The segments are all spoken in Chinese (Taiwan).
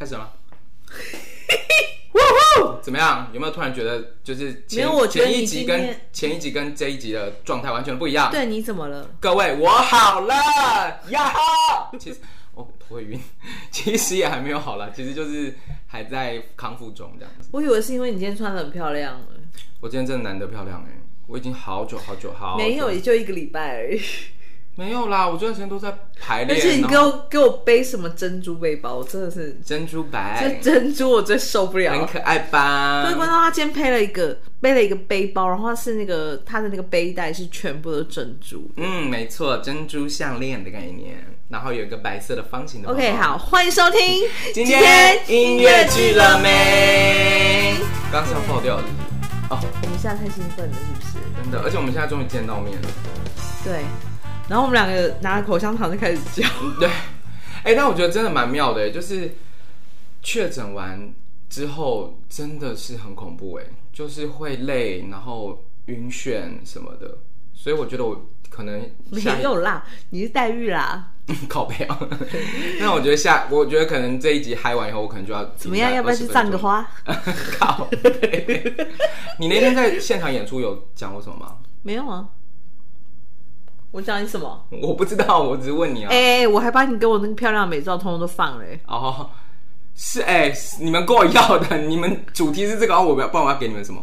開始了嗎？ 呼怎麼樣？有沒有突然覺得就是前我覺得前一集跟前一集跟這一集的狀態完全不一樣？對，你怎麼了？各位，我好了呀！ 其實、哦，我頭會暈，其實也還沒有好了，其實就是還在康復中這樣子。我以為是因為你今天穿得很漂亮，我今天真的難得漂亮哎、欸！我已經好久好久好，好，沒有，也就一個禮拜而已。沒有啦，我這段時間都在排練。而且你給我給我背什麼珍珠背包？我真的是珍珠白，這珍珠我最受不了。很可愛吧？所以觀眾他今天配了一個背了一個背包，然後是那個他的那個背帶是全部的珍珠。嗯，沒錯，珍珠項鏈的概念，然後有一個白色的方形的。OK，好，歡迎收聽今天音樂劇了沒？剛剛笑爆掉了哦。我們現在太興奮了，是不是？真的，而且我們現在終於見到面了。對。然後我們兩個拿着口香糖就開始嚼。 對，哎、欸，但我覺得真的蠻妙的，就是確診完之後真的是很恐怖哎，就是會累，然後暈眩什麼的。所以我覺得我可能沒有啦，你是待遇啦。 靠杯啊！那 我覺得下，我覺得可能這一集嗨完以後，我可能就要怎麼樣？要不要去葬個花？靠！你那天在現場演出有講過什麼嗎？沒有啊。我講你什麼？我不知道，我只是問你啊。哎哎、欸欸欸，我還把你給我那個漂亮的美照通通都放了、欸。哦，是哎、欸，你們跟我，我要的，你們主題是這個、哦、我不要，不然我要給你們什麼？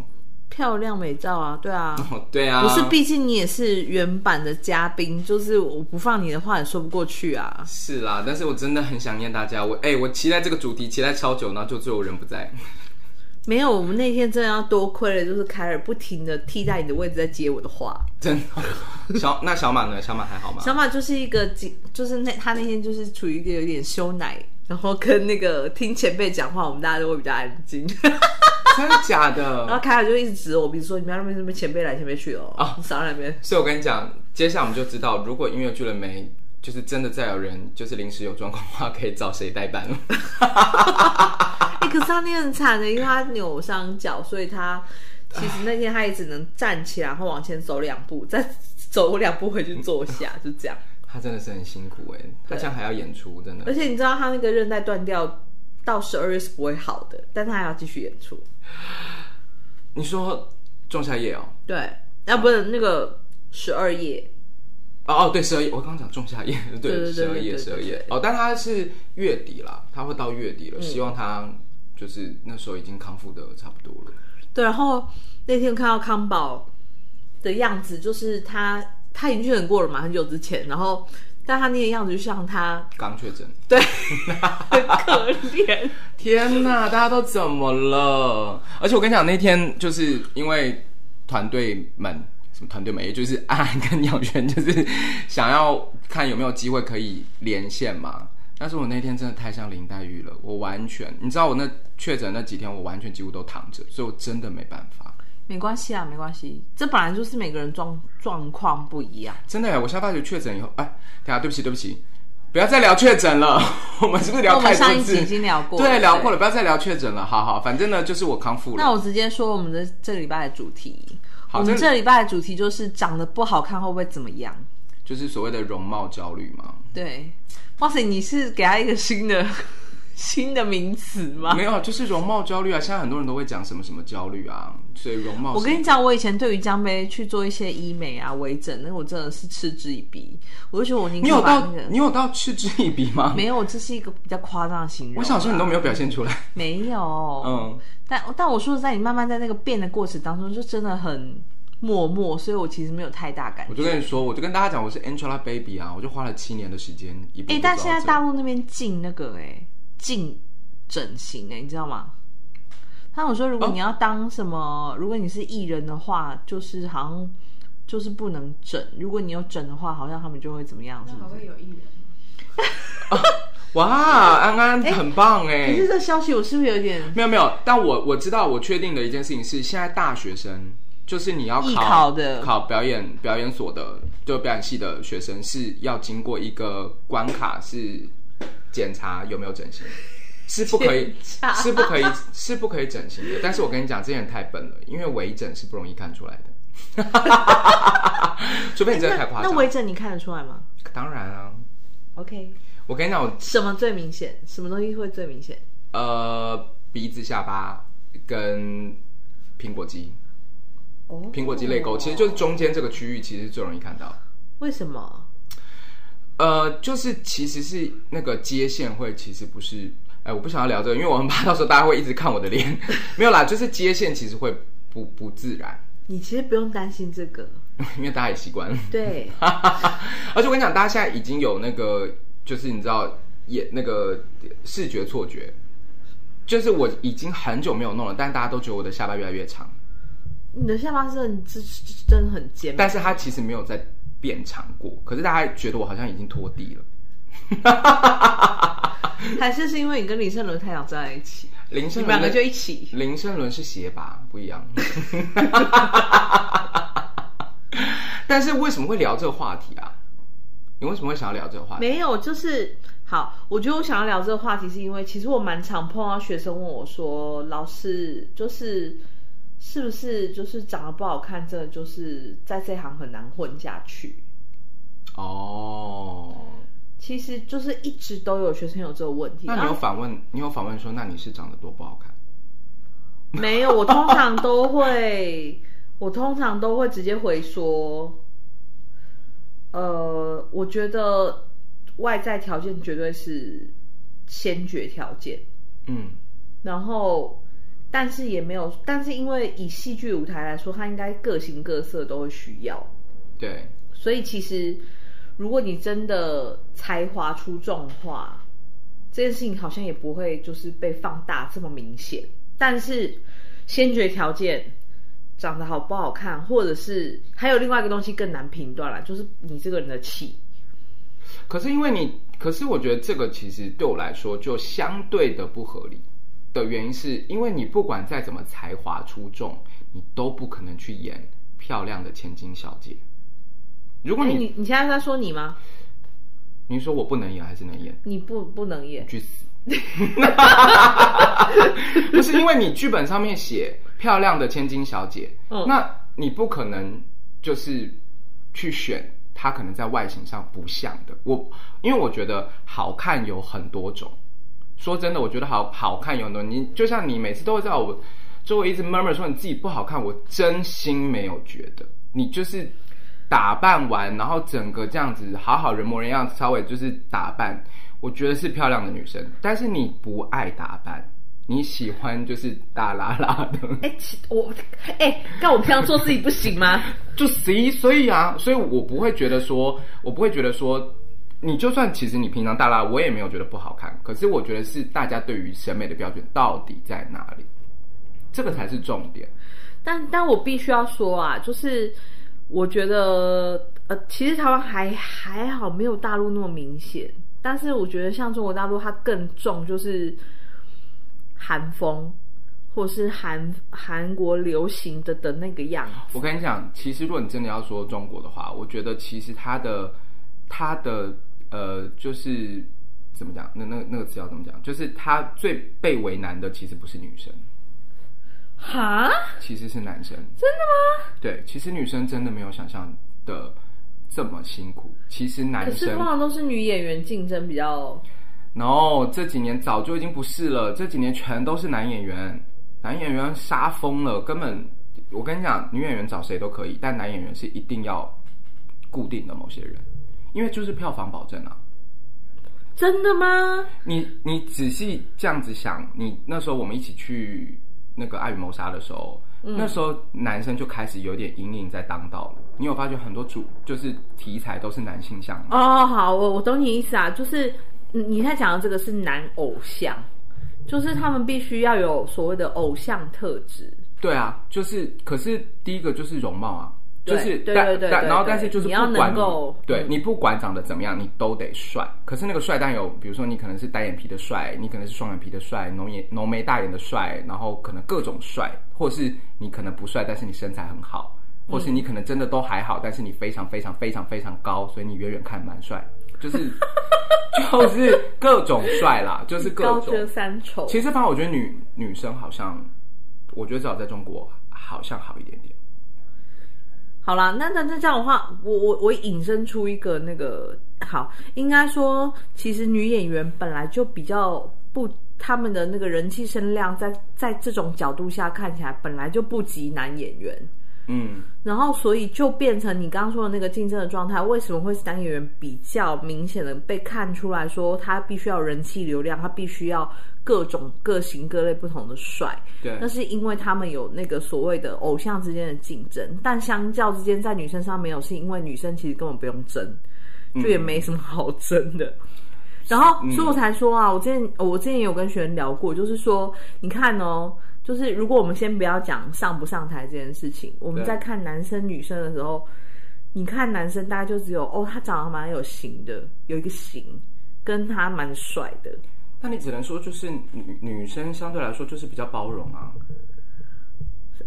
漂亮美照啊，對啊，哦、對啊，不是，畢竟你也是原版的嘉賓，就是我不放你的話也說不過去啊。是啦，但是我真的很想念大家，我哎、欸，我期待這個主題期待超久然後就最後人不在。沒有，我們那天真的要多虧了，就是凱爾不停的替代你的位置在接我的話。真的，小那小馬呢？小馬還好嗎？小馬就是一個，就是那他那天就是處於一個有點羞奶，然後跟那個聽前輩講話，我們大家都會比較安靜。 真的假的？然後凱爾就一直指我比如說：“你們要那邊什麼前輩來前輩、喔，前輩去哦。我”哦，少那邊。所以我跟你講，接下來我們就知道，如果音樂劇了沒，就是真的再有人就是臨時有狀況的話，可以找誰代班了。哎、 欸，可是他那天很慘的，因為他扭傷腳，所以他。其實那天他也只能站起來，然後往前走兩步，再走兩步回去坐下，就這樣。他真的是很辛苦哎、欸，對他像還要演出，真的。而且你知道他那個韌帶斷掉到十二月是不會好的，但他還要繼續演出。你說仲夏夜哦？對，那不是那個十二夜。哦哦，對十二夜，我剛講仲夏夜，12 12對十二夜十二夜。哦，但他是月底啦，他會到月底了，嗯、希望他就是那時候已經康復的差不多了。對，然後那天看到康寶的樣子，就是他他已經確診過了嘛，很久之前，然後但他那個樣子就像他剛確診，對， 很可憐。 天吶，大家都怎麼了？而且我跟你講，那天就是因為團隊們，什麼團隊們，也就是安跟仰瑄，就是想要看有沒有機會可以連線嘛。但是我那天真的太像林黛玉了，我完全，你知道我那確診那幾天，我完全幾乎都躺着，所以我真的沒辦法。沒關係啊，沒關係，這本來就是每個人狀狀況不一樣。真的，我下大學確診以後，哎，等下，對不起，對不起，不要再聊確診了，嗯、 我們是不是聊太我們上一集已經聊過了，對，對聊過了，不要再聊確診了。好好，反正呢，就是我康復了。那我直接說我們的這個禮拜的主題。好我們這禮拜的主題就是長得不好看會不會怎麼樣？就是所謂的容貌焦慮嘛。對，哇塞，你是給他一個新的新的名詞嗎？沒有，就是容貌焦慮啊。現在很多人都會講什麼什麼焦慮啊，所以容貌……我跟你講，我以前對於薑杯去做一些醫美啊、微整，那我真的是嗤之以鼻。我就覺得我、那個，你有到你有到嗤之以鼻嗎？沒有，這是一個比較誇張的形容。我小時候你都沒有表現出來， 沒有，嗯，但但我說實在，你慢慢在那個變的過程當中，就真的很。默默，所以我其實沒有太大感覺。我就跟你說，我就跟大家講，我是 Angelababy 啊，我就花了七年的時間。哎、欸，但現在大陸那邊禁那個、欸，哎，禁整形，哎，你知道嗎？他們說，如果你要當什麼，哦、如果你是藝人的話，就是好像就是不能整。如果你有整的話，好像他們就會怎麼樣是不是？怎麼會有藝人？ 哇， 安安、欸、很棒哎、欸！可是這消息，我是不是有點沒有沒有？但我我知道，我確定的一件事情是，現在大學生。就是你要考，藝考的考表演表演所的，就表演系的學生是要經過一個關卡，是檢查有沒有整形，是不可以檢查 是不可以， 是，不可以是不可以整形的。但是我跟你講，這些人太笨了，因為微整是不容易看出來的。除非你真的太誇張、欸，那微整你看得出來嗎？當然啊。OK，我跟你講，我什麼最明顯？什麼東西會最明顯？呃，鼻子、下巴跟蘋果肌。蘋果肌淚溝，其實就是中間這個區域，其實最容易看到。為什麼？呃，就是其實是那個接線會，其實不是。哎、欸，我不想要聊這個，因為我很怕到時候大家會一直看我的臉。 沒有啦，就是接線其實會不不自然。你其實不用擔心這個，因為大家也習慣了。對， 而且我跟你講，大家現在已經有那個，就是你知道眼那個視覺錯覺，就是我已經很久沒有弄了，但大家都覺得我的下巴越來越長。你的下巴是很真，真的很尖，很艱難。但是他其實沒有在變長過，可是大家覺得我好像已經拖地了。 還是是因為你跟林勝倫太常站在一起，你們兩個，就一起。林勝倫是鞋拔，不一樣。 但是為什麼會聊這個話題啊？你為什麼會想要聊這個話題？沒有，就是好，我覺得我想要聊這個話題是因為其實我蠻常碰到學生問我說，老師就是。是不是就是長得不好看，真的就是在這行很難混下去？哦，oh. 其實就是一直都有學生有這個問題。那你有反問？啊、你有反問說，那你是長得多不好看？沒有，我通常都會， 我通常都會直接回說，呃，我覺得外在條件絕對是先決條件。嗯，然後。但是也沒有，但是因為以戲劇舞台來說，它應該各形各色都會需要。對，所以其實如果你真的才華出眾的話，這件事情好像也不會就是被放大這麼明顯。但是先決條件長得好不好看，或者是還有另外一個東西更難評斷了，就是你這個人的氣。可是因為你，可是我覺得這個其實對我來說就相對的不合理。的原因是因為你不管再怎麼才華出眾，你都不可能去演漂亮的千金小姐。如果你，你現在在說你嗎？你說我不能演還是能演？你不，不能演，去死！ 不是因為你劇本上面寫漂亮的千金小姐，嗯，那你不可能就是去選她，可能在外形上不像的。我因為我覺得好看有很多種。說真的，我覺得好好看有很多，有的你就像你每次都會在我周圍一直 murmur 說你自己不好看，我真心沒有覺得。你就是打扮完，然後整個這樣子好好人模人樣，稍微就是打扮，我覺得是漂亮的女生。但是你不愛打扮，你喜歡就是大喇喇的。哎、欸，我哎，那、欸、我平常做自己不行嗎？ 就十一所以啊，所以我不會覺得說，我不會覺得說。你就算其實你平常大拉我也沒有覺得不好看，可是我覺得是大家對於審美的標準到底在哪裡，這個才是重點。但但我必須要說啊，就是我覺得呃，其實台灣還還好，沒有大陸那麼明顯。但是我覺得像中國大陸，它更重就是韓風或是韓韓國流行的的那個樣子。我跟你講，其實如果你真的要說中國的話，我覺得其實它的它的。呃，就是怎麼講？那那那個詞要怎麼講？就是他最被為難的，其實不是女生，哈，其實是男生。真的嗎？對，其實女生真的沒有想象的這麼辛苦。其實男生通常都是女演員競爭比較，然後這幾年早就已經不是了，這幾年全都是男演員，男演員殺瘋了，根本我跟你講，女演員找誰都可以，但男演員是一定要固定的某些人。因為就是票房保證啊！真的嗎？你你仔細這樣子想，你那時候我們一起去那個《愛與謀殺》的時候，嗯、那時候男生就開始有點隱隱在當道。你有發覺很多主就是題材都是男性向嗎？哦，好，我我懂你意思啊，就是你在講的這個是男偶像，就是他們必須要有所謂的偶像特質、嗯。對啊，就是可是第一個就是容貌啊。就是但，但但然後但是就是不管你，你要能夠對，嗯、你不管長得怎麼樣，你都得帥。可是那個帥，但有比如說你可能是單眼皮的帥，你可能是雙眼皮的帥，濃眼濃眉大眼的帥，然後可能各種帥，或是你可能不帥，但是你身材很好，或是你可能真的都還好，嗯、但是你非常非常非常非常高，所以你遠遠看蠻帥，就是 就是各種帥啦，就是各種高三。其實反正我覺得女女生好像，我覺得至少在中國好像好一點點。好啦，那那那這樣的話，我我我引申出一個那個，好，應該說，其實女演員本來就比較不，她們的那個人氣聲量在，在在這種角度下看起來，本來就不及男演員。嗯，然後所以就變成你剛剛說的那個競爭的狀態。為什麼會是男演員比較明顯的被看出來說他必須要人氣流量，他必須要各種各型各類不同的帥？對，那是因為他們有那個所謂的偶像之間的競爭。但相較之間，在女生上沒有，是因為女生其實根本不用爭，嗯、就也沒什麼好爭的。然後，嗯、所以我才說啊，我之前我之前也有跟學員聊過，就是說，你看哦。就是如果我們先不要講上不上台這件事情，我們在看男生女生的時候，對你看男生，大家就只有哦，他長得蠻有型的，有一個型，跟他蠻帥的。那你只能說，就是女女生相對來說就是比較包容啊，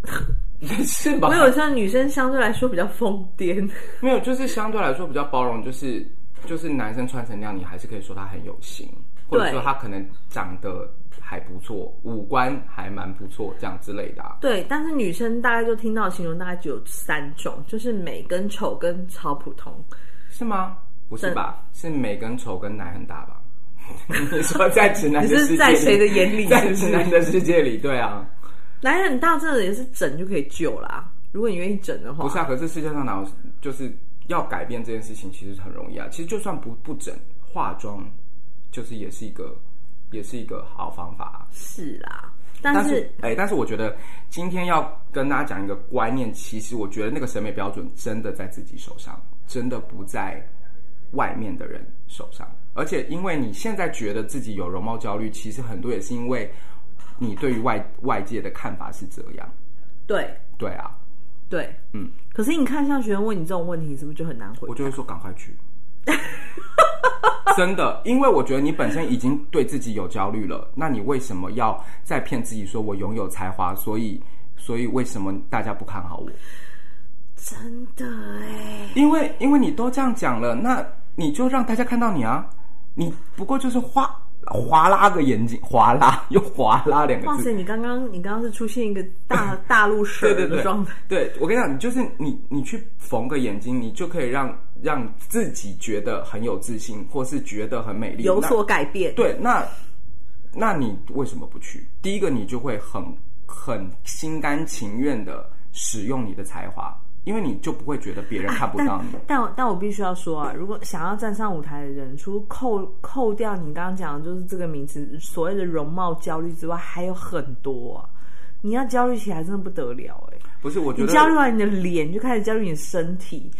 是吧？沒有，像女生相對來說比較瘋癲，沒有，就是相對來說比較包容，就是就是男生穿成那樣，你還是可以說他很有型，或者說他可能長得。還不錯，五官還蠻不錯，這樣之類的啊。對，但是女生大概就聽到的形容，大概只有三種，就是美跟醜跟超普通，是嗎？不是吧？是美跟醜跟奶很大吧？ 你說在直男的世界裡 是在誰的眼裡，在直男的世界裡，對啊，奶很大，這也是整就可以救啦。如果你願意整的話，不是啊。可是世界上哪有就是要改變這件事情，其實很容易啊。其實就算不不整化妝，就是也是一個。也是一個好方法，是啦。但是，但是、欸，但是我覺得今天要跟大家講一個觀念，其實我覺得那個審美標準真的在自己手上，真的不在外面的人手上。而且，因為你現在覺得自己有容貌焦慮，其實很多也是因為你對於外外界的看法是這樣。對，對啊，對，嗯。可是你看，像學員問你這種問題，是不是就很難回答？我就會說趕快去。 真的，因為我覺得你本身已經對自己有焦慮了，那你為什麼要再騙自己說我擁有才華？所以，所以為什麼大家不看好我？真的，因為因為你都這樣講了，那你就讓大家看到你啊！你不過就是嘩劃拉個眼睛，劃拉又劃拉兩個字。哇塞，你剛剛你剛剛是出現一個大 大陸式的狀態 對對對對。對，我跟你講，你就是你你去縫個眼睛，你就可以讓。讓自己覺得很有自信，或是覺得很美麗，有所改變。對，那那，你為什麼不去？第一個，你就會很很心甘情願的使用你的才華，因為你就不會覺得別人看不上你。啊，但但，但我，但我必須要說啊，如果想要站上舞台的人，除了扣扣掉你剛剛講的就是這個名詞所謂的容貌焦慮之外，還有很多啊。你要焦慮起來真的不得了哎，不是，我覺得你焦慮完你的臉，你就開始焦慮你的身體。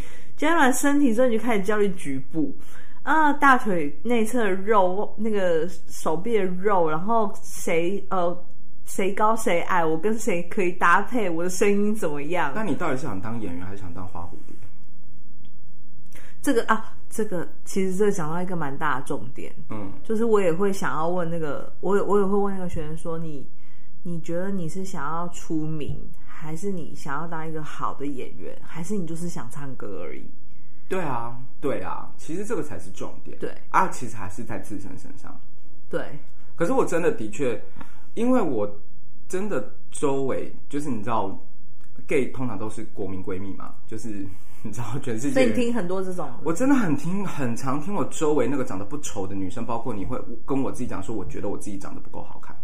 解決了身體之後，你就開始焦慮局部啊，大腿內側的肉，那個手臂的肉，然後誰呃誰高誰矮，我跟誰可以搭配，我的聲音怎麼樣？那你到底是想當演員還是想當花蝴蝶？這個啊，這個其實這講到一個蠻大的重點，嗯，就是我也會想要問那個，我也我也會問那個學生說你，你你覺得你是想要出名？還是你想要當一個好的演員，還是你就是想唱歌而已？對啊，對啊，其實這個才是重點。對啊，其實還是在自身身上。對，可是我真的的確，因為我真的周圍就是你知道，gay 通常都是國民閨蜜嘛，就是你知道全世界。所以你聽很多這種，我真的很聽，很常聽我周圍那個長得不醜的女生，嗯、包括你會跟我自己講說，我覺得我自己長得不夠好看，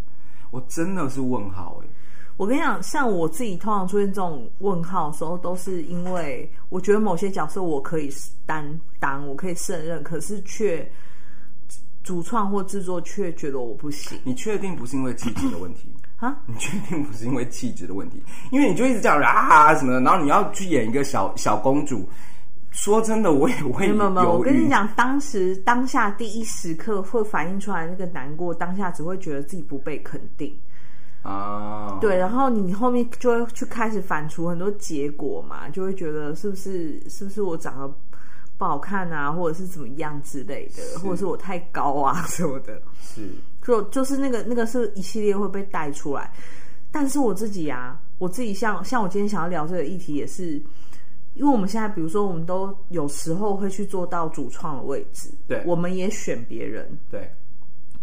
我真的是問號哎、欸。我跟你講，像我自己通常出現這種問號的時候，都是因為我覺得某些角色我可以擔當，我可以勝任，可是卻主創或製作卻覺得我不行。你確定不是因為氣質的問題啊？你確定不是因為氣質的問題？因為你就一直這樣啊什麼的，然後你要去演一個小小公主。說真的，我也會。沒有沒有，我跟你講，當時當下第一時刻會反映出來那個難過，當下只會覺得自己不被肯定。啊，oh, 對，然後你後面就會去開始反芻很多結果嘛，就會覺得是不是是不是我長得不好看啊，或者是怎麼樣之類的，是或者是我太高啊什麼的，是，就就是那個那個是一系列會被帶出來。但是我自己啊，我自己像像我今天想要聊這個議題也是，因為我們現在比如說我們都有時候會去做到主創的位置，對，我們也選別人，對。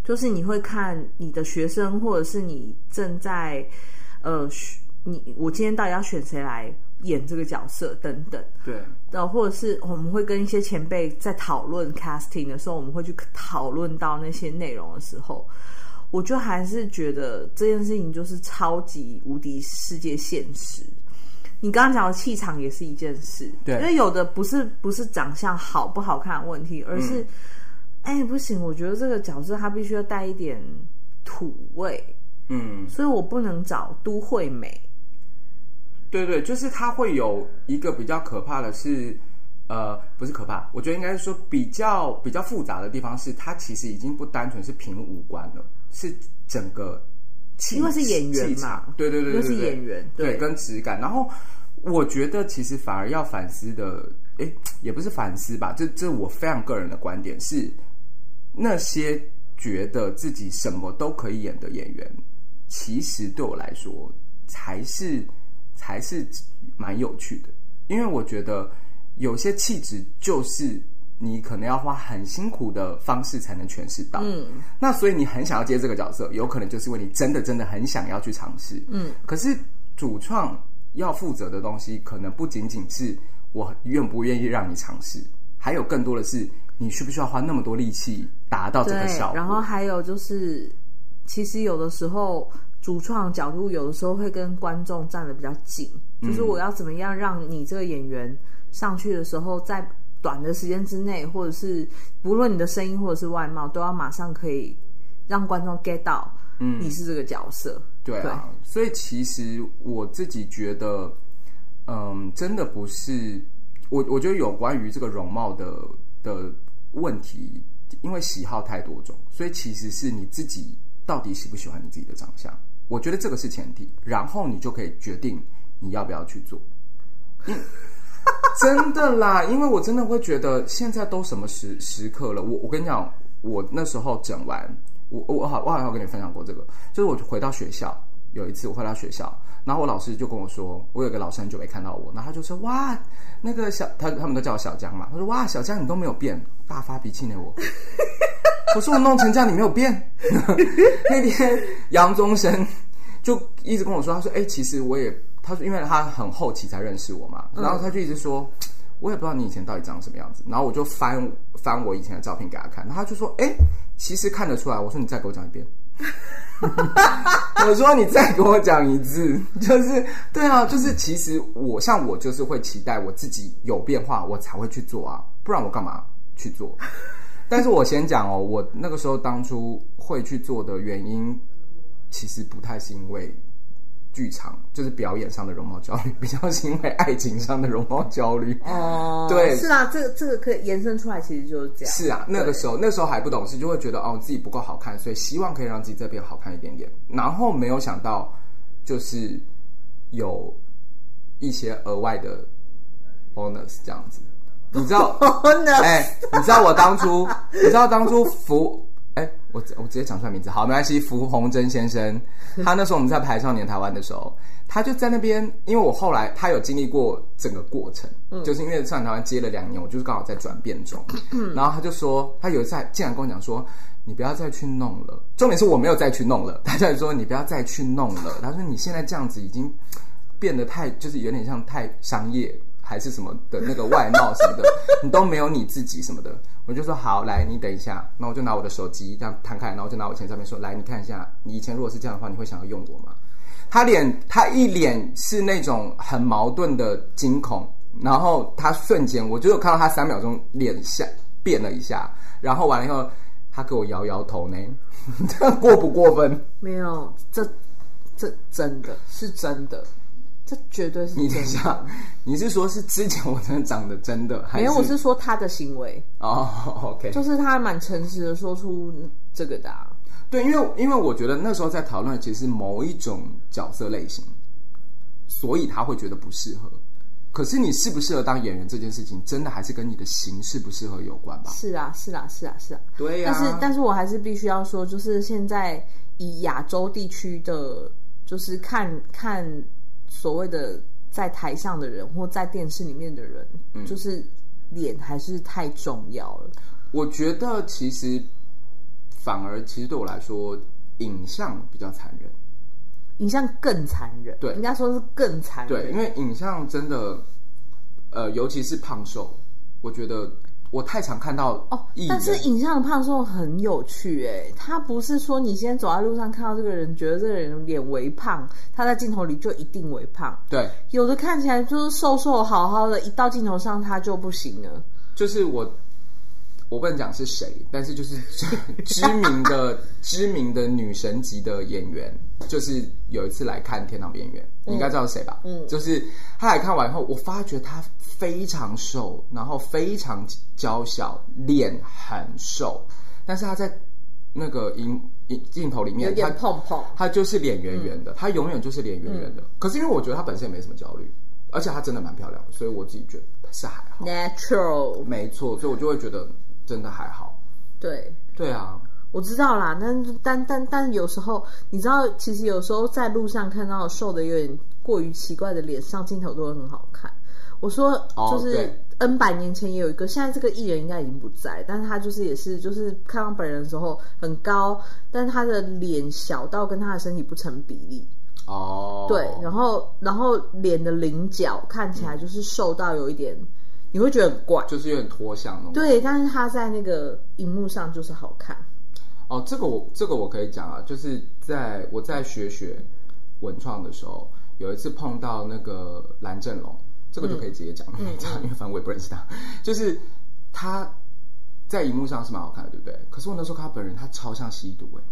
就是你會看你的學生，或者是你正在，呃，你我今天到底要選誰來演這個角色等等。對，或者是我們會跟一些前輩在討論 casting 的時候，我們會去討論到那些內容的時候，我就還是覺得這件事情就是超級無敵世界現實。你剛剛講的氣場也是一件事，對因為有的不是不是長相好不好看的問題，而是、嗯。哎，欸、不行，我覺得這個角色它必須要帶一點土味，嗯，所以我不能找都會美。對對，就是它會有一個比較可怕的是，呃，不是可怕，我覺得應該是說比較比較複雜的地方是，它其實已經不單純是憑五官了，是整個因為是演員嘛，對對，對對對對，又是演員，對，對，跟質感。然後我覺得其實反而要反思的，哎，也不是反思吧，這這我非常個人的觀點是。那些覺得自己什麼都可以演的演員，其實對我來說才是才是蠻有趣的，因為我覺得有些氣質就是你可能要花很辛苦的方式才能詮釋到。嗯，那所以你很想要接這個角色，有可能就是因為你真的真的很想要去嘗試。嗯，可是主創要負責的東西，可能不僅僅是我願不願意讓你嘗試，還有更多的是你需不需要花那麼多力氣達到這個效果，然後還有就是，其實有的時候主創角度有的時候會跟觀眾站得比較近，嗯、就是我要怎麼樣讓你這個演員上去的時候，在短的時間之內，或者是不論你的聲音或者是外貌，都要馬上可以讓觀眾 get 到，你是這個角色。嗯、對啊，對，所以其實我自己覺得，嗯，真的不是我，我覺得有關於這個容貌的的問題，因為喜好太多種，所以其實是你自己到底喜不喜歡你自己的長相，我覺得這個是前提，然後你就可以決定你要不要去做。 真的啦，因為我真的會覺得現在都什麼時時刻了，我我跟你講，我那時候整完，我我好我好像跟你分享過這個，就是我就回到學校有一次，我回到學校，然後我老師就跟我說，我有個老師很久沒看到我，然後他就說哇，那個小他他們都叫我小薑嘛，他說哇，小薑你都沒有變。大發脾氣的我，我說我弄成這樣，你沒有變。 那天楊宗生就一直跟我說，他說：“哎，其實我也……他說，因為他很後期才認識我嘛，然後他就一直說，我也不知道你以前到底長什麼樣子。”然後我就翻翻我以前的照片給他看，然後他就說：“哎，其實看得出來。”我說：“你再給我講一遍。 ”我說：“你再給我講一次，就是對啊，就是其實我像我就是會期待我自己有變化，我才會去做啊，不然我幹嘛？”去做，但是我先講哦，我那個時候當初會去做的原因，其實不太是因為劇場，就是表演上的容貌焦慮，比較是因為愛情上的容貌焦慮。哦、嗯，對，是啊，這個這個可以延伸出來，其實就是這樣。是啊，那個時候對那個時候還不懂事，就會覺得哦自己不夠好看，所以希望可以讓自己這邊好看一點點。然後沒有想到，就是有一些額外的 bonus 這樣子。你知道，哎、欸，你知道我當初，你知道當初福，哎、欸，我我直接講出來名字，好，沒關係，福洪珍先生，他那時候我們在排少年台灣的時候，他就在那邊，因為我後來他有經歷過整個過程，嗯、就是因為少年台灣接了兩年，我就是剛好在轉變中，嗯，然後他就說，他有在，竟然跟我講說，你不要再去弄了，重點是我沒有再去，再去弄了，他就說你不要再去弄了，他說你現在這樣子已經變得太，就是有點像太商業。還是什麼的，那個外貌什麼的， 你都沒有你自己什麼的，我就說好，來，你等一下，那我就拿我的手機這樣攤開，然後就拿我前照片說，來你看一下，你以前如果是這樣的話，你會想要用我嗎？他臉，他一臉是那種很矛盾的驚恐，然後他瞬間，我就有看到他三秒鐘臉下變了一下，然後完了以後，他給我搖搖頭呢，這 過不過分？沒有，這這真的是真的。這絕對是你等一下，你是說是之前我真的長得真的，還是？沒有，我是說他的行為哦，OK，就是他蠻誠實的，說出這個的、啊。對，因為因為我覺得那時候在討論，其實是某一種角色類型，所以他會覺得不適合。可是你適不適合當演員這件事情，真的還是跟你的形適不適合有關吧？是啊，是啊，是啊，是啊，對呀、啊。但是但是我還是必須要說，就是現在以亞洲地區的，就是看看。所謂的在台上的人或在電視裡面的人，嗯，就是臉還是太重要了。我覺得其實反而其實對我來說，影像比較殘忍，影像更殘忍。對，應該說是更殘忍。對，因為影像真的，呃，尤其是胖瘦，我覺得。我太常看到哦，但是影像的胖瘦很有趣誒、欸。他不是說你先走在路上看到這個人，覺得這個人臉微胖，他在鏡頭裡就一定微胖。對，有的看起來就是瘦瘦好好的，一到鏡頭上他就不行了。就是我。我不能講是誰，但是就是知名的、 知名的女神級的演員，就是有一次來看《天堂邊緣》嗯，你應該知道是誰吧？嗯，就是他來看完以後，我發覺她非常瘦，然後非常嬌小，臉很瘦，但是她在那個影影鏡頭裡面，有點碰碰，他有點胖，她就是臉圓圓的，她、嗯、永遠就是臉圓圓的。嗯、可是因為我覺得她本身也沒什麼焦慮，而且她真的蠻漂亮的，所以我自己覺得她是還好，natural，沒錯，所以我就會覺得。真的還好對，對對啊，我知道啦。但但但但有時候，你知道，其實有時候在路上看到的瘦的有點過於奇怪的臉，上鏡頭都會很好看。我說，就是 N 百、oh, 對年前，也有一個，現在這個藝人應該已經不在，但是他就是也是就是看到本人的時候很高，但是他的臉小到跟他的身體不成比例哦。Oh. 對，然後然後臉的稜角看起來就是瘦到有一點。你會覺得怪，就是有點脫相。對，但是他在那個熒幕上就是好看。哦，這個我這個我可以講啊，就是在我在學學文創的時候，有一次碰到那個藍正龍，這個就可以直接講，嗯嗯嗯、因為反正我也不認識他。就是他在熒幕上是蠻好看的，對不對？可是我那時候看他本人，他超像吸毒誒、欸、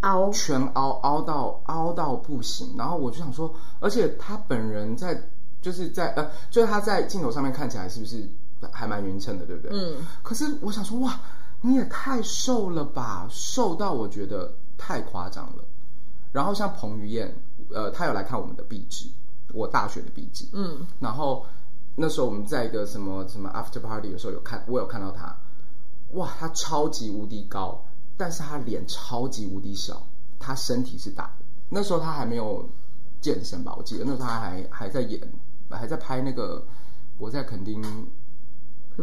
凹全凹凹到凹到不行。然後我就想說，而且他本人在。就是在呃，就是他在鏡頭上面看起來是不是還蠻勻稱的，對不對？嗯。可是我想說，哇，你也太瘦了吧，瘦到我覺得太誇張了。然後像彭於晏，呃，他有來看我們的畢製，我大學的畢製，嗯。然後那時候我們在一個什麼什麼 after party 的時候有看，我有看到他，哇，他超級無敵高，但是他臉超級無敵小，他身體是大的。那時候他還沒有健身吧？我記得那時候他還還在演。還在拍那個，我在墾丁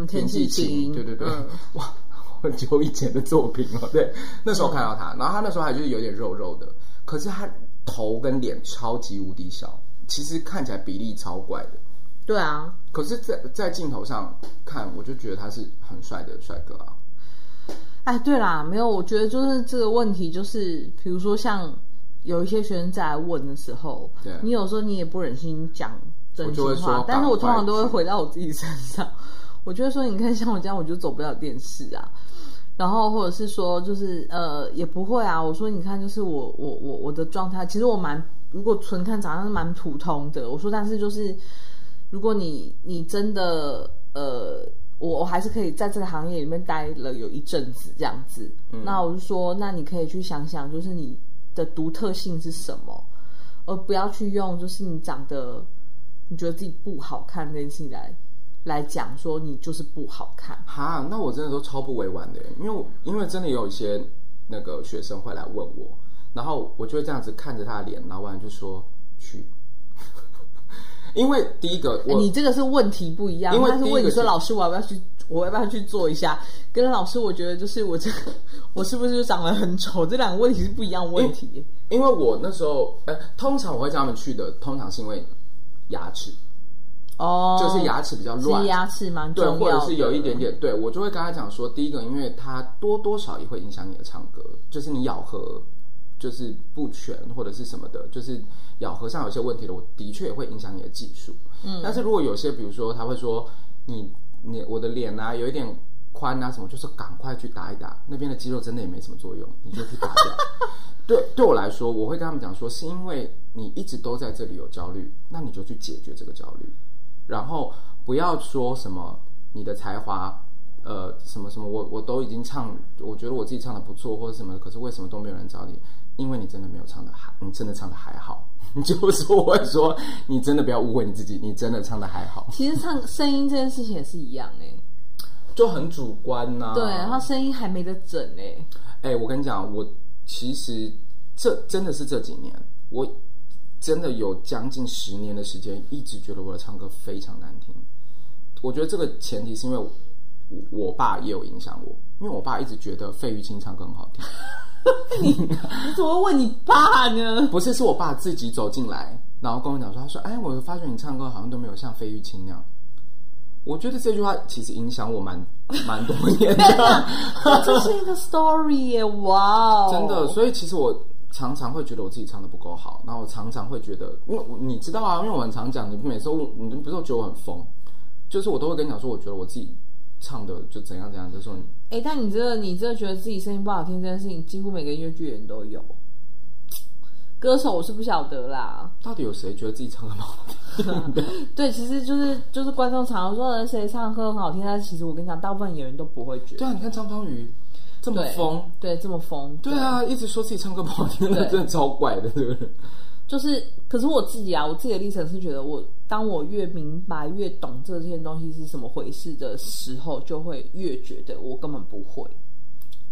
天氣晴，對對對，對，哇，很久以前的作品了啊。對，那時候看到他，嗯、然後他那時候還就是有點肉肉的，可是他頭跟臉超級無敵小，其實看起來比例超怪的。對啊，可是在，在在鏡頭上看，我就覺得他是很帥的帥哥啊。哎，對啦，沒有，我覺得就是這個問題，就是比如說像有一些學生在問的時候，對，你有時候你也不忍心講。真心話，但是我通常都會回到我自己身上。 我就會說，你看，像我這樣，我就走不了電視啊。然後，或者是說，就是呃，也不會啊。我說，你看，就是我，我，我，我的狀態，其實我蠻，如果純看長相是蠻普通的。我說，但是就是，如果你你真的呃，我我還是可以在這個行業裡面待了有一陣子這樣子。嗯、那我就說，那你可以去想想，就是你的獨特性是什麼，而不要去用，就是你長得。你覺得自己不好看，那進來來講說你就是不好看哈、啊？那我真的都超不委婉的，因為因為真的有一些那個學生會來問我，然後我就會這樣子看着他的臉，然後我就說去。 因為第一個我、欸，你這個是問題不一樣，因為第一個他是問你說老師我要不要去，我要不要去做一下？ 跟老師我覺得就是我這個、我是不是就長得很醜？ 這兩個問題是不一樣問題因。因為我那時候，哎、欸，通常我會叫他們去的，通常是因為。牙齒，哦，oh, 就是牙齒比較亂，牙齒嘛，對，或者是有一點點，對，我就會跟他講說，第一個，因為他多多少也會影響你的唱歌，就是你咬合就是不全或者是什麼的，就是咬合上有些問題的，我的確也會影響你的技術。嗯，但是如果有些，比如說他會說你你我的臉啊有一點寬啊什麼，就是趕快去打一打，那邊的肌肉真的也沒什麼作用，你就去打。 對，對我來說，我會跟他們講說，是因為。你一直都在這裡有焦慮，那你就去解決這個焦慮，然後不要說什麼你的才華，呃，什麼什麼，我我都已經唱，我覺得我自己唱得不錯，或者什麼，可是為什麼都沒有人找你？因為你真的沒有唱得，還你真的唱得還好。 就會說，我會說，你真的不要誤會你自己，你真的唱得還好。其實唱聲音這件事情也是一樣誒、欸，就很主觀吶、啊。對，然後聲音還沒得整誒、欸。誒、欸，我跟你講，我其實這真的是這幾年我。真的有將近十年的時間，一直覺得我的唱歌非常難聽。我覺得這個前提是因為我我爸也有影響我，因為我爸一直覺得費玉清唱歌很好聽。 你， 你怎麼問你爸呢？不是，是我爸自己走進來，然後跟我講說，他說：“哎，我發覺你唱歌好像都沒有像費玉清那樣。”我覺得這句話其實影響我蠻蠻多年的。 這是一個 story 耶，哇、哦！真的，所以其實我。常常會覺得我自己唱的不夠好，然後我常常會覺得，因為你知道啊，因為我們常講，你每次問你，不是覺得我很瘋，就是我都會跟你講說，我覺得我自己唱的就怎樣怎樣，就是，說你。哎、欸，但你這個、你這個覺得自己聲音不好聽這件事情，幾乎每個音樂劇人都有。歌手我是不曉得啦，到底有誰覺得自己唱的不好聽？ 對，其實就是就是觀眾常常說的誰唱歌很好聽，但其實我跟你講，大部分演員都不會覺得。對啊，你看張豐毅。這麼瘋？對，這麼瘋。對，對啊，一直說自己唱歌不好聽，那真的超怪的，對，對不對？就是，可是我自己啊，我自己的歷程是覺得我，我當我越明白、越懂這件東西是什麼回事的時候，就會越覺得我根本不會。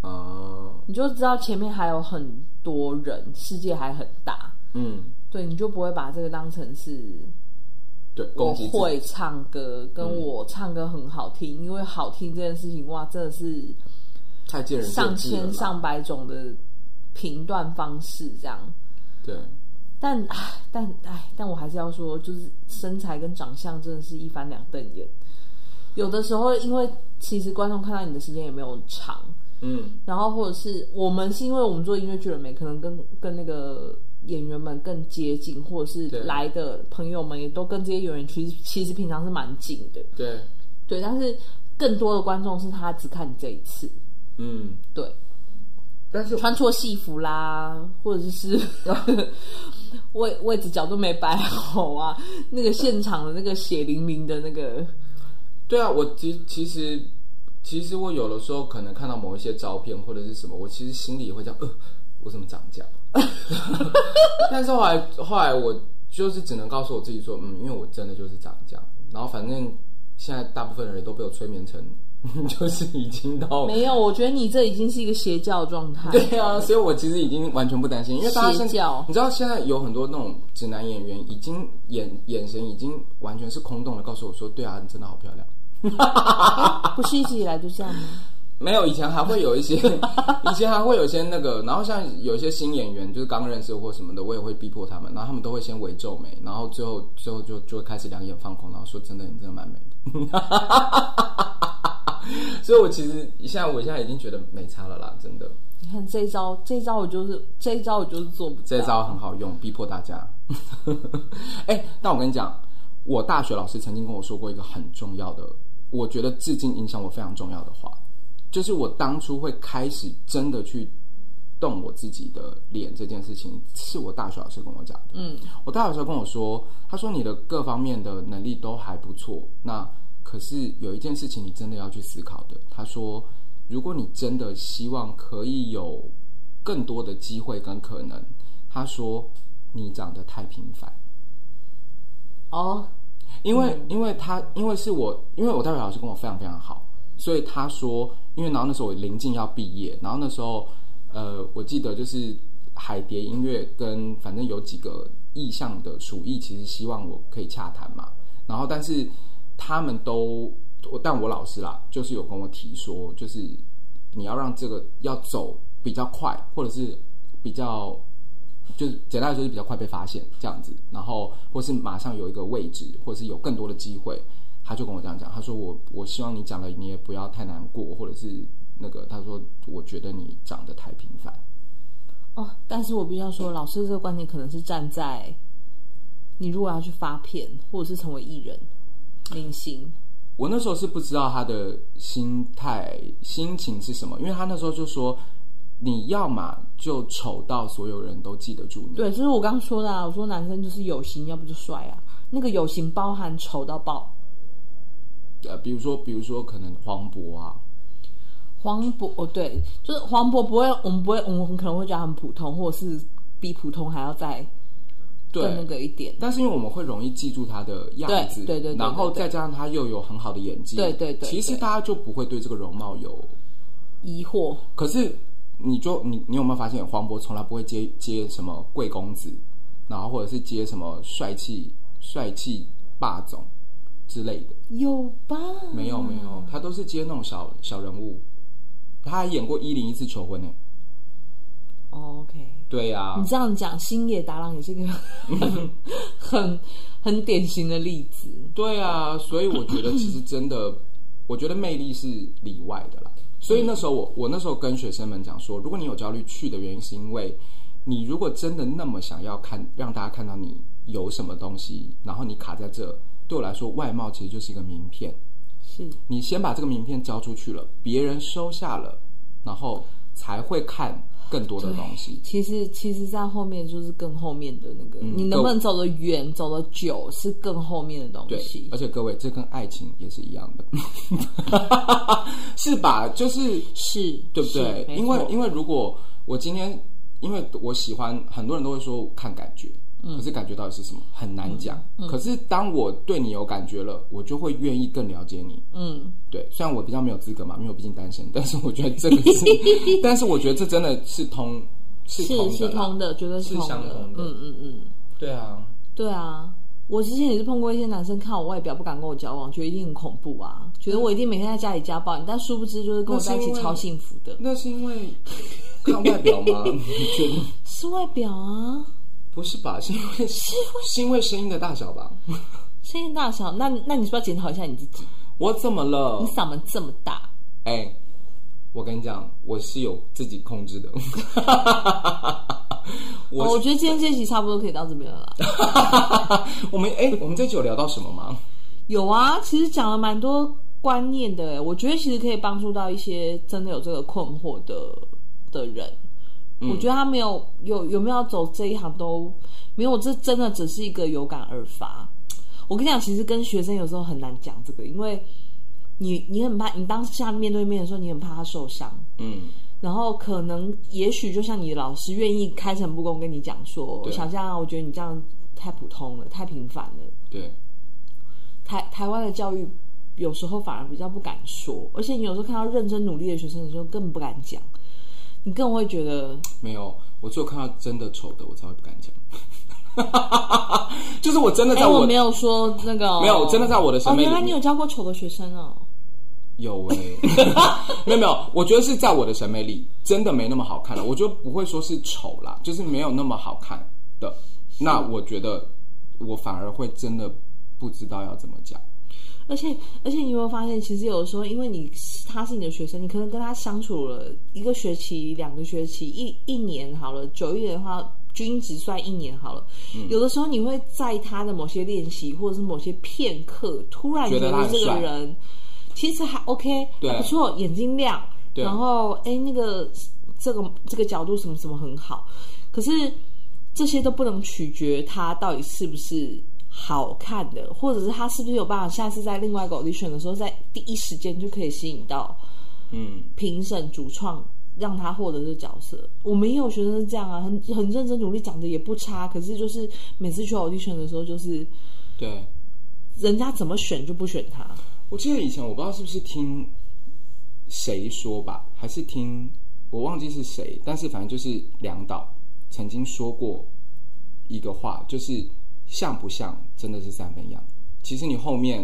啊、嗯！你就知道前面還有很多人，世界還很大。嗯，對，你就不會把這個當成是。對，我會唱歌，跟我唱歌很好聽，嗯、因為好聽這件事情，哇，真的是。太見仁見智了，上千上百種的評斷方式，這樣對，但哎，但哎，但我還是要說，就是身材跟長相真的是一翻兩瞪眼。有的時候，因為其實觀眾看到你的時間也沒有長，嗯，然後或者是我們是因為我們做音樂劇的沒可能跟跟那個演員們更接近，或者是來的朋友們也都跟這些演員其實其實平常是蠻近的，對對，但是更多的觀眾是他只看你這一次。嗯，對。但是穿錯戲服啦，或者就是 位位置角度沒擺好啊，那個現場的那個血淋淋的那個。對啊，我其其實其實我有的時候可能看到某一些照片，或者是什麼，我其實心裡也會這樣，呃，我怎麼長這樣？ 但是後來後來我就是只能告訴我自己說，嗯，因為我真的就是長這樣。然後反正現在大部分的人都被我催眠成。 就是已經到沒有，我覺得你這已經是一個邪教狀態。對啊，所以我其實已經完全不擔心，因為大家。你知道現在有很多那種直男演員，已經眼眼神已經完全是空洞的，告訴我說：“對啊，你真的好漂亮。”不是一直以來都這樣嗎？沒有，以前還會有一些，以前還會有一些那個，然後像有一些新演員，就是剛認識我或什麼的，我也會逼迫他們，然後他們都會先微皺眉，然後最後最後就就會開始兩眼放空，然後說：“真的，你真的蠻美的。” 所以，我其實現在，我現在已經覺得沒差了啦，真的。你看，這一招，這一招我就是，這一招我就是做不。這一招很好用，逼迫大家。 欸，但我跟你講，我大學老師曾經跟我說過一個很重要的，我覺得至今影響我非常重要的話，就是我當初會開始真的去動我自己的臉這件事情，是我大學老師跟我講的。嗯，我大學老師跟我說，他說你的各方面的能力都還不錯，那。可是有一件事情你真的要去思考的。他說：“如果你真的希望可以有更多的機會跟可能，他說你長得太平凡。”哦，因為、嗯、因為他因為是我因為我代表老師跟我非常非常好，所以他說，因為然後那時候我臨近要畢業，然後那時候呃，我記得就是海蝶音樂跟反正有幾個意向的屬意，其實希望我可以洽談嘛。然後但是。他們都，但我老師啦，就是有跟我提說，就是你要讓這個要走比較快，或者是比較，就是簡單來說是比較快被發現這樣子，然後或是馬上有一個位置，或是有更多的機會。他就跟我這樣講，他說，我我希望你講了，你也不要太難過，或者是那個他說我覺得你長得太平凡。哦，但是我必須要說，老師這個觀點可能是站在你如果要去發片，或者是成為藝人。臉型，我那時候是不知道他的心態心情是什麼，因為他那時候就說，你要嘛就醜到所有人都記得住你。對，就是我剛剛說的啊，我說男生就是有型，要不就帥啊，那個有型包含醜到爆。呃，比如說，比如說，可能黃渤啊，黃渤哦，對，就是黃渤不會，我們不會，我們可能會覺得很普通，或者是比普通還要再。對那個一點，但是因為我們會容易記住他的樣子，對對，對，對，對對，然後再加上他又有很好的演技，對對，對對對，其實大家就不會對這個容貌有疑惑。可是你，你就你你有沒有發現，黃渤從來不會接接什麼貴公子，然後或者是接什麼帥氣帥氣霸總之類的，有吧、啊？沒有沒有，他都是接那種小小人物。他還演過《一零一次求婚》呢。Oh, OK. 對呀，你這樣講，星野達郎也是一個很 很,很典型的例子。對啊，所以我覺得其實真的， 我覺得魅力是裡外的啦。所以那時候我我那時候跟學生們講說，如果你有焦慮，去的原因是因為你如果真的那麼想要看，讓大家看到你有什麼東西，然後你卡在這，對我來說，外貌其實就是一個名片。是，你先把這個名片交出去了，別人收下了，然後才會看。更多的東西，其實其實，其實在後面就是更後面的那個，嗯、你能不能走得遠，各位，走得久，是更後面的東西。對，而且各位，這跟愛情也是一樣的， 啊、 是吧？就是是，對不對？因為因為如果我今天，因為我喜歡，很多人都會說看感覺。可是感覺到底是什麼？很難講。嗯嗯、可是當我對你有感覺了，我就會願意更了解你。嗯，對。雖然我比較沒有資格嘛，因為我畢竟單身，但是我覺得這個是， 但是我覺得這真的是通，是是，是通的，絕對是相通的。嗯嗯嗯，嗯嗯對啊，對啊。我之前也是碰過一些男生，看我外表不敢跟我交往，覺得一定很恐怖啊，嗯、覺得我一定每天在家裡家暴你。但殊不知，就是跟我在一起超幸福的。那是因為看外表嗎？ 你覺得是外表啊。不是吧？是因為是是因為聲音的大小吧？聲音大小，那那你是不是要檢討一下你自己？我怎麼了？你嗓門這麼大？哎、欸，我跟你講，我是有自己控制的。 我是、啊、我覺得今天這集差不多可以到這邊了啦。 我們哎、欸，我們這集有聊到什麼嗎？有啊，其實講了蠻多觀念的。哎，我覺得其實可以幫助到一些真的有這個困惑的的人。我覺得他沒有有有沒有要走這一行都沒有，這真的只是一個有感而發。我跟你講，其實跟學生有時候很難講這個，因為你你很怕你當下面對面的時候，你很怕他受傷。嗯。然後可能也許就像你的老師願意開誠布公跟你講說，對我想象啊，我覺得你這樣太普通了，太平凡了。對。台台灣的教育有時候反而比較不敢說，而且你有時候看到認真努力的學生的時候，更不敢講。你更會覺得？沒有，我只有看到真的醜的，我才會不敢講。哈哈哈哈，就是我真的在我、欸……我沒有說那個，沒有，真的在我的審美裡。原來、哦啊、你有教過醜的學生哦？有哈、欸， 沒有沒有，我覺得是在我的審美裡真的沒那麼好看了，我就不會說是醜啦，就是沒有那麼好看的。是那我覺得我反而會真的不知道要怎麼講。而且而且，而且你有沒有發現，其實有的時候，因為你是他是你的學生，你可能跟他相處了一個學期、兩個學期、一一年好了，久一點的話，均值算一年好了。嗯、有的時候你會在他的某些練習，或者是某些片刻，突然覺得他這個人他其實還 OK，對了還不錯，眼睛亮，對了然後哎、欸，那個這個這個角度什麼什麼很好。可是這些都不能取決他到底是不是好看的，或者是他是不是有辦法？下次在另外一個 audition 的時候，在第一時間就可以吸引到，嗯，評審主創讓他獲得這個角色。嗯、我們也有學生是這樣啊，很很認真努力，長得也不差，可是就是每次去 audition 的時候，就是對，人家怎麼選就不選他。我記得以前我不知道是不是聽誰說吧，還是聽我忘記是誰，但是反正就是梁導曾經說過一個話，就是。像不像真的是三分一樣？其實你後面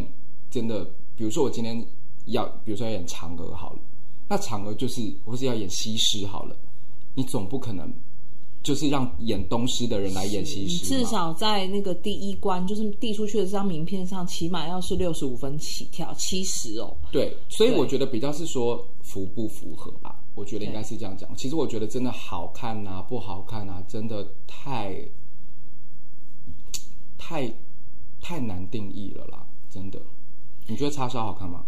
真的，比如說我今天要，比如說要演嫦娥好了，那嫦娥就是，或是要演西施好了，你總不可能就是讓演東施的人來演西施。你至少在那個第一關，就是遞出去的這張名片上，起碼要是六十五分起跳，七十哦。對，所以我覺得比較是說符不符合吧？我覺得應該是這樣講。對其實我覺得真的好看啊，不好看啊，真的太。太，太難定義了啦！真的，你覺得叉燒好看嗎？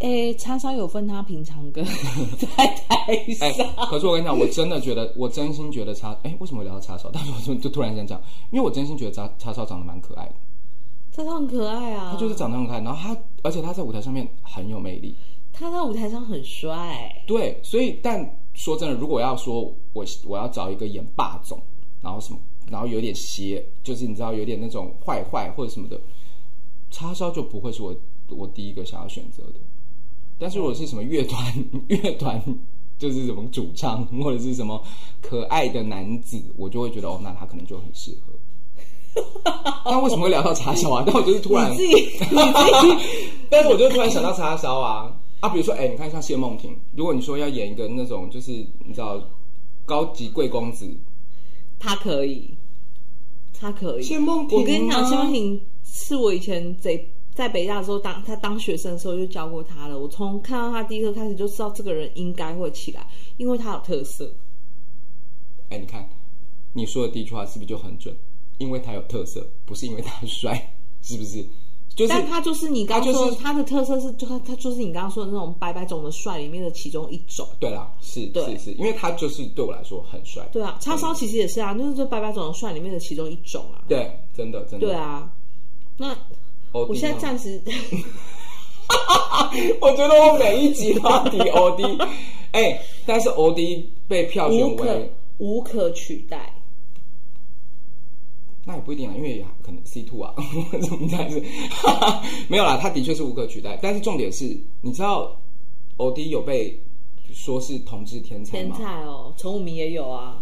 哎、欸，叉燒有分他平常跟在台上。 欸、可是我跟你講，我真的覺得，我真心覺得叉哎、欸，為什麼我聊到叉燒？但是我就就突然間這樣，因為我真心覺得叉叉燒長得蠻可愛的。叉燒很可愛啊，他就是長得很可愛，然後他而且他在舞台上面很有魅力。他在舞台上很帥。對，所以但說真的，如果要說我我要找一個演霸總，然後什麼？然後有點邪，就是你知道有點那種壞壞或者什麼的，叉燒就不會是我我第一個想要選擇的。但是，如果是什麼樂團？樂團、嗯、就是什麼主唱或者是什麼可愛的男子，我就會覺得哦，那他可能就很適合。那 為什麼會聊到叉燒啊？ 但我就是突然，自 但是我就突然想到叉燒啊啊！啊比如說，哎、欸，你看像謝孟婷，如果你說要演一個那種就是你知道高級貴公子，他可以。他可以，我跟你講，謝婷是我以前在在北大的時候當他當學生的時候就教過他了。我從看到他第一課開始就知道這個人應該會起來，因為他有特色。哎、欸，你看你說的第一句話是不是就很準？因為他有特色，不是因為他帥，是不是？但他就是你剛說他的特色是，他他就是你剛剛說的那種白白種的帥裡面的其中一種。對啦，是是是，因為他就是對我來說很帥。對啊，叉燒其實也是啊，就是這白白種的帥裡面的其中一種啊。對，真的，真的。對啊，那我現在暫時，我覺得我每一集都要抵 OD。哎，但是 OD 被票選為無可取代。那也不一定啊，因為也可能 C two 啊，怎麼這沒有啦，他的確是無可取代。但是重點是，你知道歐弟有被說是同志天才嗎？天才哦，陳武明也有啊。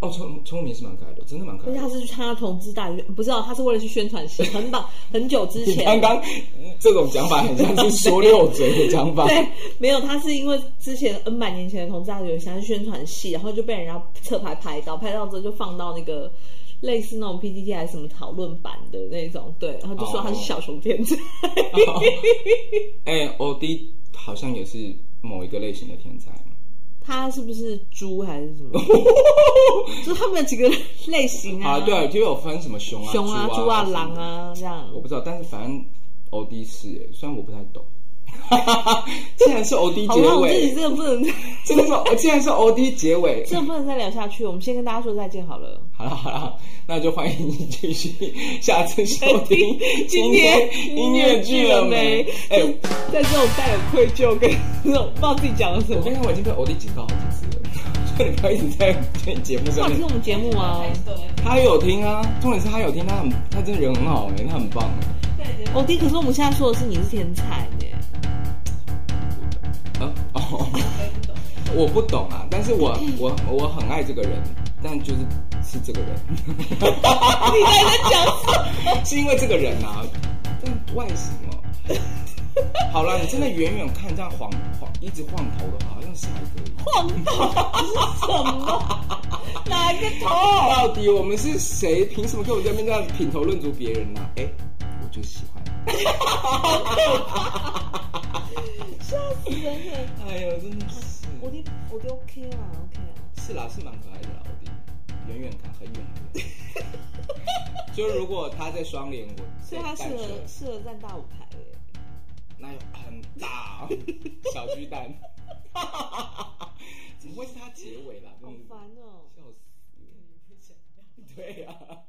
哦，陳陳武明是蠻可愛的，真的蠻可愛的。而且他是參加同志大學，不知道他是為了去宣傳戲，很早很久之前。剛剛 嗯、 這種講法很像是說六嘴的講法。 對，沒有他是因為之前 N 百年前的同志大學有想要去宣傳戲，然後就被人家側拍拍，拍到，拍到之後就放到那個。類似那種 PPT 還是什麼討論版的那種，對，然後就說他是小熊天才。哎、oh. oh. oh. 欸、歐弟好像也是某一個類型的天才，他是不是豬還是什麼？ 就是他們幾個類型啊？好對啊，就有分什麼熊啊、熊啊、豬啊、狼啊，啊，啊這樣。我不知道，但是反正歐弟是，哎，雖然我不太懂。哈哈，既 然是歐 D 結尾，好我自己這個不能，這個時候，既然是歐 D 結尾，這個不能再聊下去，我們先跟大家說再見好了。好了好了，那就歡迎你繼續下次收聽。今天音樂劇了沒？哎，在這種帶有愧疚跟這種不知道自己講了什麼，我今天我已經被歐弟警告好幾次了，所以你不要一直在節目上面。那其實我們節目啊，對，他有聽啊，重點是他有聽，他很他真的人很好哎、欸，他很棒、欸。歐弟，對 O D, 可是我們現在說的是你是天才我不懂啊，但是我我我很愛這個人，但就是是這個人。 你還在講什麼？ 是因為這個人啊，但外形哦。 好啦了，你真的遠遠看這樣晃晃，晃，一直晃頭的話，好像還可以。晃頭是什麼？ 哪個頭？到底我們是誰？憑什麼跟我們面這樣品頭論足別人呢、啊？哎、欸，我就喜歡。好， 笑死人了。哎呦，真的是。我弟我弟 OK 啦，OK 啊，OK 啊是啦，是蠻可愛的啦，我弟，遠遠看很遠 就如果他在雙聯，我所以他適合適合站大舞台那有很大，小巨蛋，怎不會是他結尾啦，好煩哦、喔，笑死，肯定不想要， 對啊。